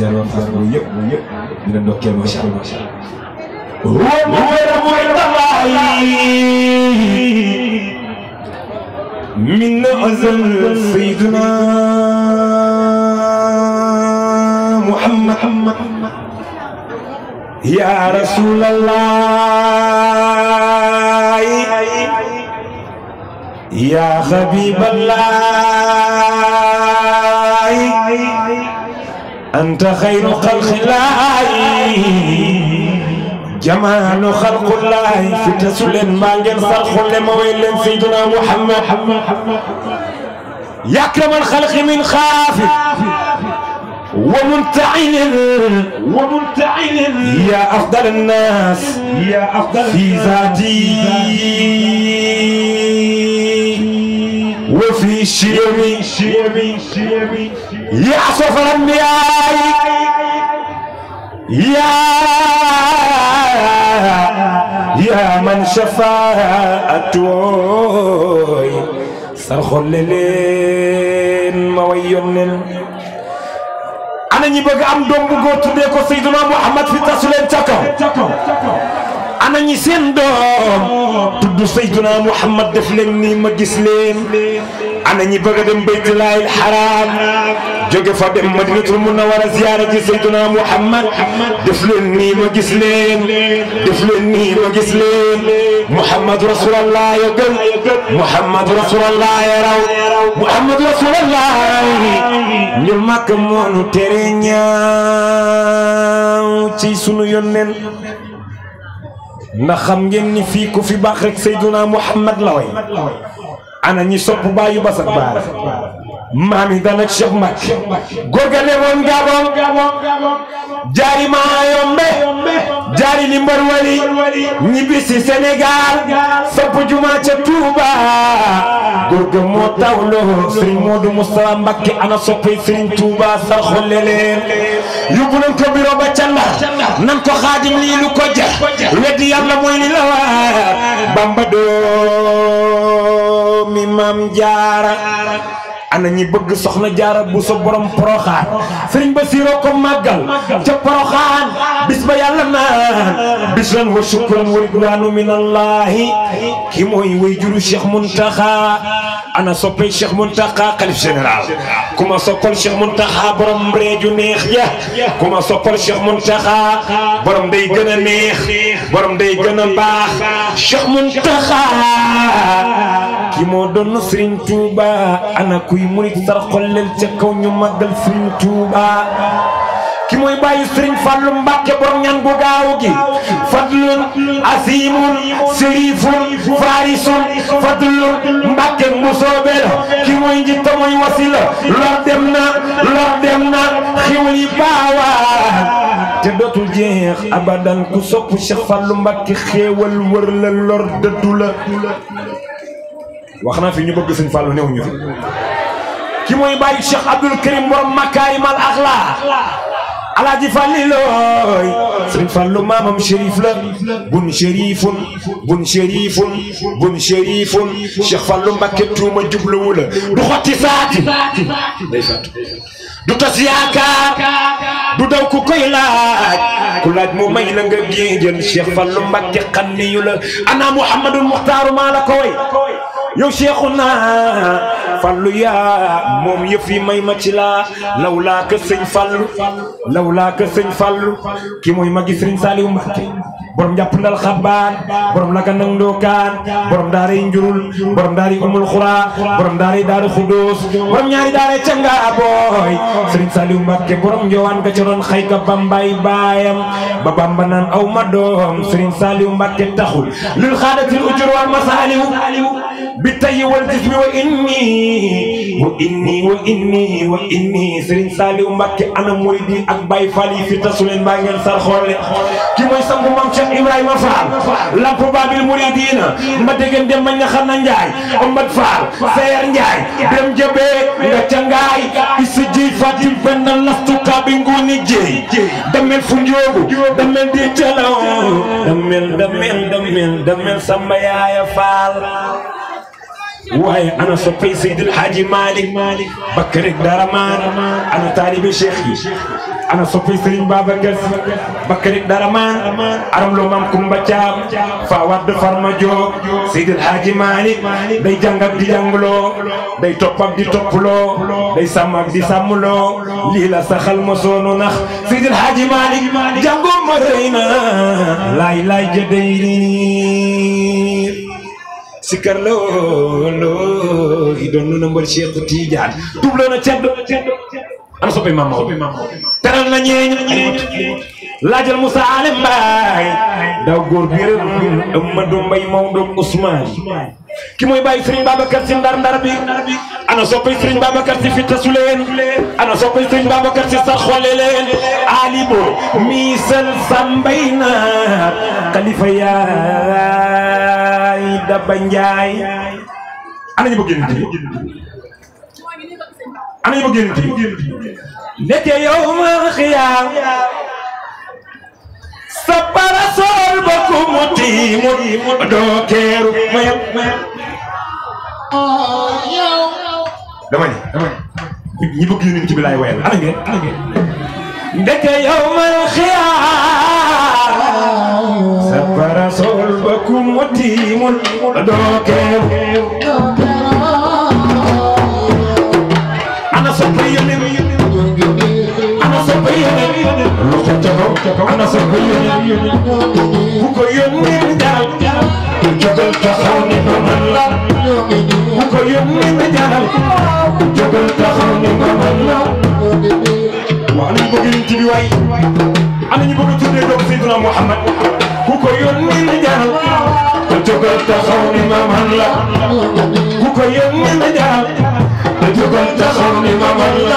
ziar waa Fass boobu yëpp yëpp di leen ndokkeel macha allah macha allah من أزل سيدنا محمد يا رسول الله يا حبيب الله أنت خير خلق الله جمال خلق الله في تسل ما جن صرخ لمويل سيدنا محمد يكرم الخلق من خاف وممتعن وممتعن يا أفضل الناس يا أفضل في ذاتي وفي شيمي شيمي شيمي يا الانبياء يا يا من شفاعته صرخ للين مويون انا ني بغا ام دوم بو تودي كو سيدنا محمد في تسليم تاكو انا ني سين دوم du sayduna muhammad def len ni ma gis len ana ñi bëgg dem baytul haram jóge fa dem madinatul munawwara ziyara ci sayduna muhammad def len ni ma gis len def len ni ma gis leen muhammad rasulallah ya gën muhammad rasulallah ya raw muhammad rasulallah ñu màkk moonu tere ñaaw ci sunu yonen نخم جنني في كفي سيدنا محمد لوي أنا نسوب بايو بسك بارك maam yi dana Cheikh Mbacke góor ga ne woon Gabon jaari maa yombe jaari li mbar wali ñibbi si Sénégal sopp juma ca Touba góor ga moo tawloo Serigne Modou Moustapha Mbacke ana soppi Serigne Touba sarxo leleen yóbbu nañ ko biro ba ca Ndar nan ko xaadim lii lu ko jar weddi yàlla mooy li la waar Bamba doomi maam jaara ana ñi bëgg soxna jaara bu sa borom poroxaan sëriñ Basiiroo ko màggal ca poroxaan bis ba yàlla naan bisran wa shukran wa ki mooy way juru Cheikh Muntaxa ana soppee Cheikh Muntaxa a neex borom day gën a baax Cheikh ki moo doon Sëriñ Tuuba ana ku kuy murit sarxol leel ca kaw ñu màggal sëriñ Tuuba ki mooy bàyyi sëriñ Fàllu Mbàkke borom gu gaaw gi fadlun asimun sërifun farisun fadlun Mbàkke mu ki mooy njiit te wasila lor dem na lor baawaan te dootul jeex abadan ku sopp Cheikh Fallou Mbacke xéewal wër la lor dëddu la wax naa fi ñu bëgg Sëñ Fallou néew ki mooy bàyyi Cheikh Abdoul Karim borom makaarimal axlaa alaaji fàllilooy sëriñ fàllu maamam shérif la bun shérifun bun shérifun bun shérifun cheikh fàllu mbàkke tuuma jubluwu la du xotti saati day fàttu du tas yaakaar du daw ku koy laaj ku laaj mu may la nga géejël cheikh fàllu mbàkke xanniyu la ana muhammadul muxtaaru maa la ko way yow cheikhuna fallu ya momi yef yi may ma ci la lawla ke seigne fallu lawla ke seigne fallu ki moy magi seigne Saaliw mbake borom japp ndal xabbaan borom laka nang kan borom dari njurul borom dari umul khura borom dari daaru khudus borom ñaari daaray canga boy seigne Saaliw mbake borom njowaan ka ca xay ka bay bayam ba bam banan aw ma dom seigne mbake taxul lul khadatul ujur wal بالتي والجسم وإني وإني وإني وإني سرين سالي أمك أنا مريدي أكباي فالي في تسولين بانجل سار خولي كي موي سامو مام شيخ إبراهيم فار لامبو باب المريدين ما ديغن ديم ما نخنا نجاي أمك فار سير نجاي ديم جبي نجاي إسجي فاتم بن لستو كابينغوني جي دمل فنجوغو دمل دي تلو دمل دمل دمل دمل سمبيا يا فار waaye ana soppay Seydil Hadji Malick bakk dara maan ana taalibe cheikh yi ana soppay Serigne Babacar Sy bakk rek dara maan aram loo maam Kumba Caam fa wadd farma joo Seydil Hadji Malick day jàng ak di jàngloo day topp ak di topploo day sàmm ak di sàmmloo lii la saxal ma soonu nax Seydil Hadji Malick jàngoo ma rëy na laay laay jëdëy sikkar loo loo yi doon nu nambal Cheikh Tidiane tubloo na cedd ana soppi maam Maodo teral na ñeeñ laajal Moussa Ale Mbaay daw góor bi rek Amadou Mbaye Maodo Ousmane ki mooy bàyyi Serigne Babacar si ndar ndar bi ana soppi Serigne Babacar si fi tasu leen ana soppi Serigne Babacar si sax xoole leen alibo miisal sambay na xalifa yaa Daba Ndiaye ana ñu bëgg yonent bi ana ñu bëgg yonent bi ndeke yow ma xiyaam sa parasol ba ku mu tiimu doo keeru ma yab ma yab dama ne dama ne ñi bëgg yonent bi laay wayal ana ngeen ana ngeen ndeke yow ma xiyaam متيم دوكيم أنا صبي أنا صبي أنا صبي وكو يومين دار جبل تخوني ممن لا وكو يومين دار جبل تخوني ممن لا وأنا بقول تبي a tuddee doom Seydina Mouhamad ku ko yónnee na jaral te jógal ni maman la ku ko yónnee ni maman la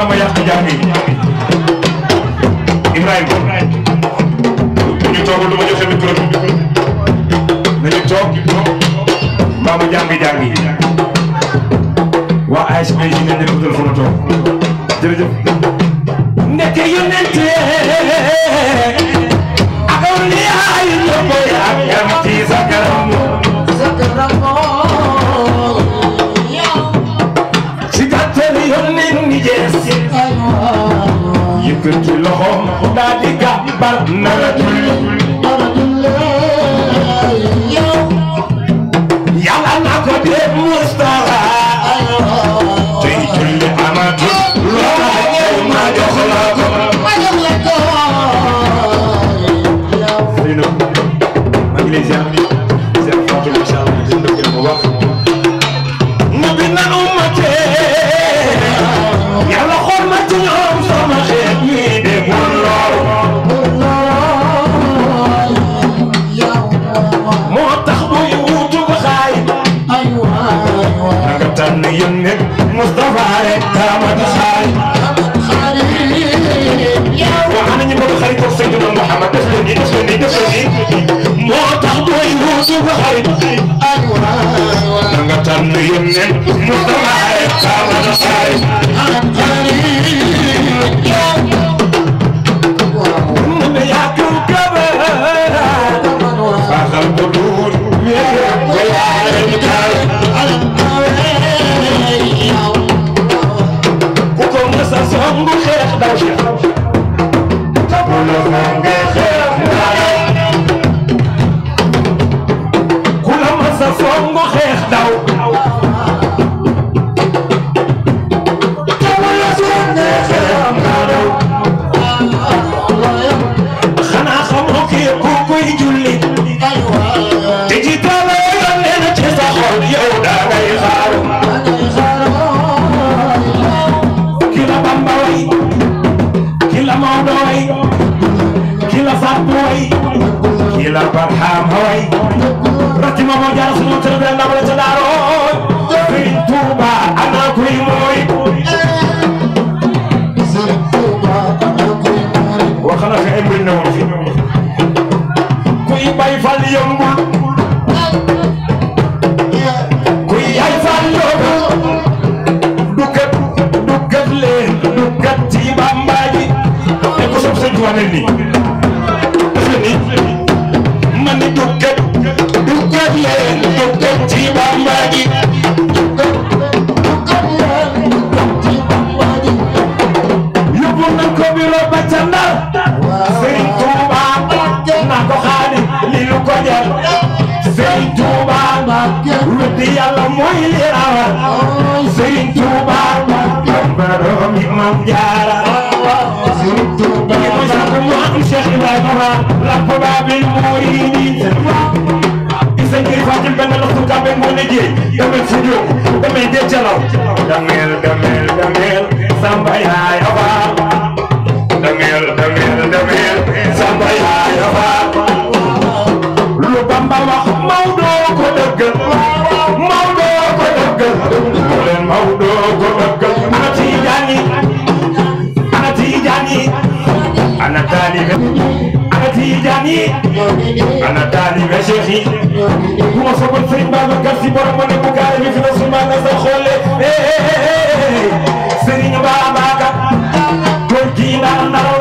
maama yàq jàng yi Ibrahima a toogul du ma joxe micro bi nañu toog maama jàng jàng yi waa ASP yi ne leen utal fa ma toog jërëjëf nekk yonente yëkkati loxo daal di gàbbal na la julli Ai, você ila barham hoy rati mamo jara sunu tebe na wala ta daro bin tuba ana kuy moy wa khalaqa amrin nawfi kuy bay fal yombu damay mën a jéem damay fujóo damay déjalaw damel damel damel samba yaay awa damel damel damel samba yaay awa lu Bamba wax Maodo ko dëggal Tijaani ana taalibe Cheikh yi bu ma soppal Serigne Babacar Sy borom ma ne bu gaay mi fi na su ma na sa xolle Serigne Babacar góor gi naan naraw